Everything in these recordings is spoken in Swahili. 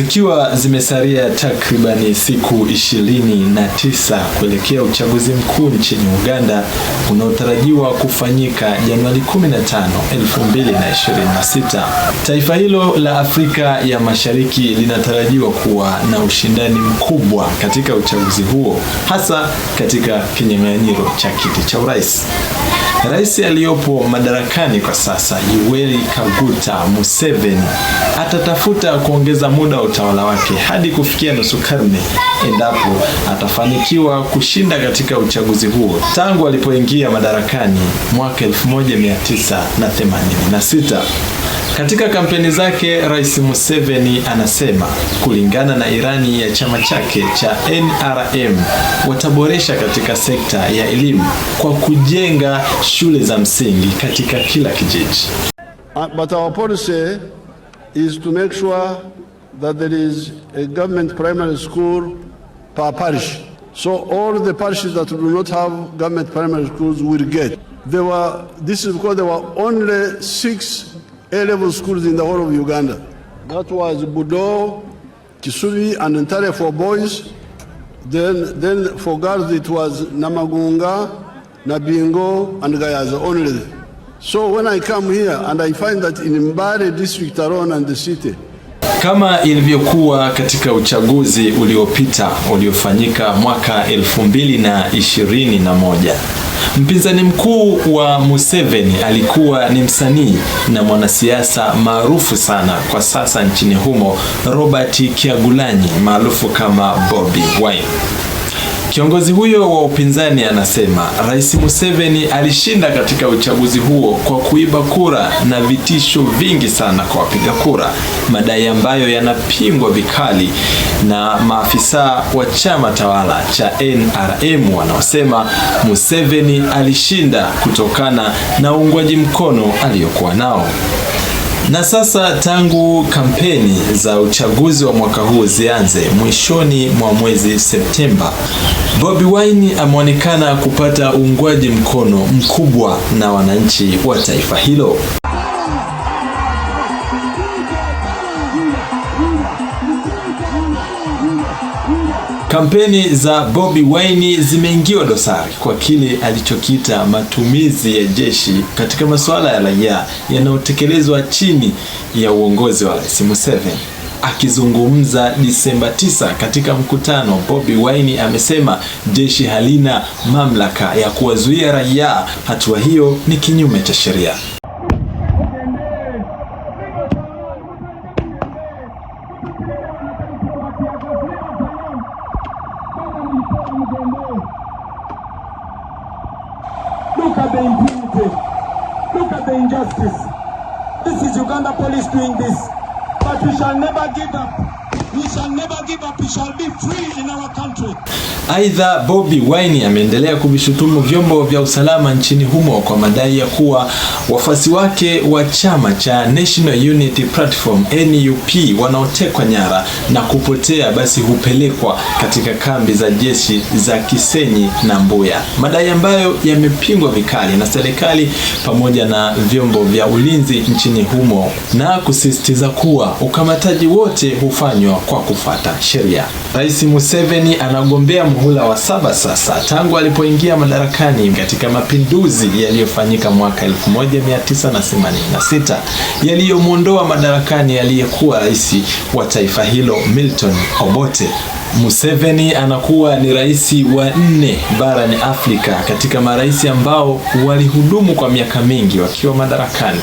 Zikiwa zimesalia takribani siku ishirini na tisa kuelekea uchaguzi mkuu nchini Uganda unaotarajiwa kufanyika Januari 15, 2026, taifa hilo la Afrika ya Mashariki linatarajiwa kuwa na ushindani mkubwa katika uchaguzi huo, hasa katika kinyang'anyiro cha kiti cha urais. Rais aliyopo madarakani kwa sasa Yoweri Kaguta Museveni atatafuta kuongeza muda wa utawala wake hadi kufikia nusu karne endapo atafanikiwa kushinda katika uchaguzi huo. Tangu alipoingia madarakani mwaka 1986 katika kampeni zake, Rais Museveni anasema kulingana na irani ya chama chake cha NRM wataboresha katika sekta ya elimu kwa kujenga shule za msingi katika kila kijiji. Uh, but our policy is to make sure that there is a government primary school per parish. So all the parishes that do not have government primary schools will get. There were, this is because there were only six A-level schools in the whole of Uganda. That was Budo, Kisubi, and Ntare for boys. Then, then for girls, it was Namagunga, Nabingo, and Gayaza only. So when I come here and I find that in Mbare district alone and the city, Kama ilivyokuwa katika uchaguzi uliopita uliofanyika mwaka moja, mpinzani mkuu wa Museveni alikuwa ni msanii na mwanasiasa maarufu sana kwa sasa nchini humo, Robert Kyagulanyi maarufu kama Bobi Wine. Kiongozi huyo wa upinzani anasema Rais Museveni alishinda katika uchaguzi huo kwa kuiba kura na vitisho vingi sana kwa wapiga kura, madai ambayo yanapingwa vikali na maafisa wa chama tawala cha NRM wanaosema Museveni alishinda kutokana na uungwaji mkono aliyokuwa nao. Na sasa tangu kampeni za uchaguzi wa mwaka huu zianze mwishoni mwa mwezi Septemba, Bobi Wine ameonekana kupata uungwaji mkono mkubwa na wananchi wa taifa hilo. Kampeni za Bobi Wine zimeingiwa dosari kwa kile alichokiita matumizi ya jeshi katika masuala ya raia yanayotekelezwa chini ya uongozi wa Rais Museveni. Akizungumza Disemba 9 katika mkutano, Bobi Wine amesema jeshi halina mamlaka ya kuwazuia raia, hatua hiyo ni kinyume cha sheria. at the impunity. Look at the injustice. This is Uganda police doing this. But we shall never give up. Aidha, Bobi Wine ameendelea kuvishutumu vyombo vya usalama nchini humo kwa madai ya kuwa wafuasi wake wa chama cha National Unity Platform NUP wanaotekwa nyara na kupotea basi hupelekwa katika kambi za jeshi za Kisenyi na Mbuya, madai ambayo yamepingwa vikali na serikali pamoja na vyombo vya ulinzi nchini humo na kusisitiza kuwa ukamataji wote hufanywa kwa kufuata sheria. Rais Museveni anagombea muhula wa saba sasa tangu alipoingia madarakani katika mapinduzi yaliyofanyika mwaka 1986 yaliyomwondoa madarakani aliyekuwa rais wa taifa hilo Milton Obote. Museveni anakuwa ni rais wa nne barani Afrika katika marais ambao walihudumu kwa miaka mingi wakiwa madarakani.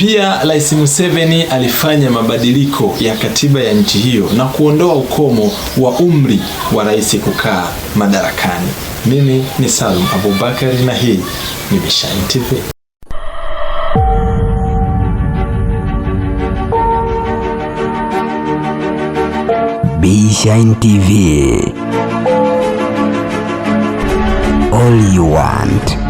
Pia Rais Museveni alifanya mabadiliko ya katiba ya nchi hiyo na kuondoa ukomo wa umri wa rais kukaa madarakani. Mimi ni Salum Abubakari na hii ni Mishani TV. Bieshine TV. All you want.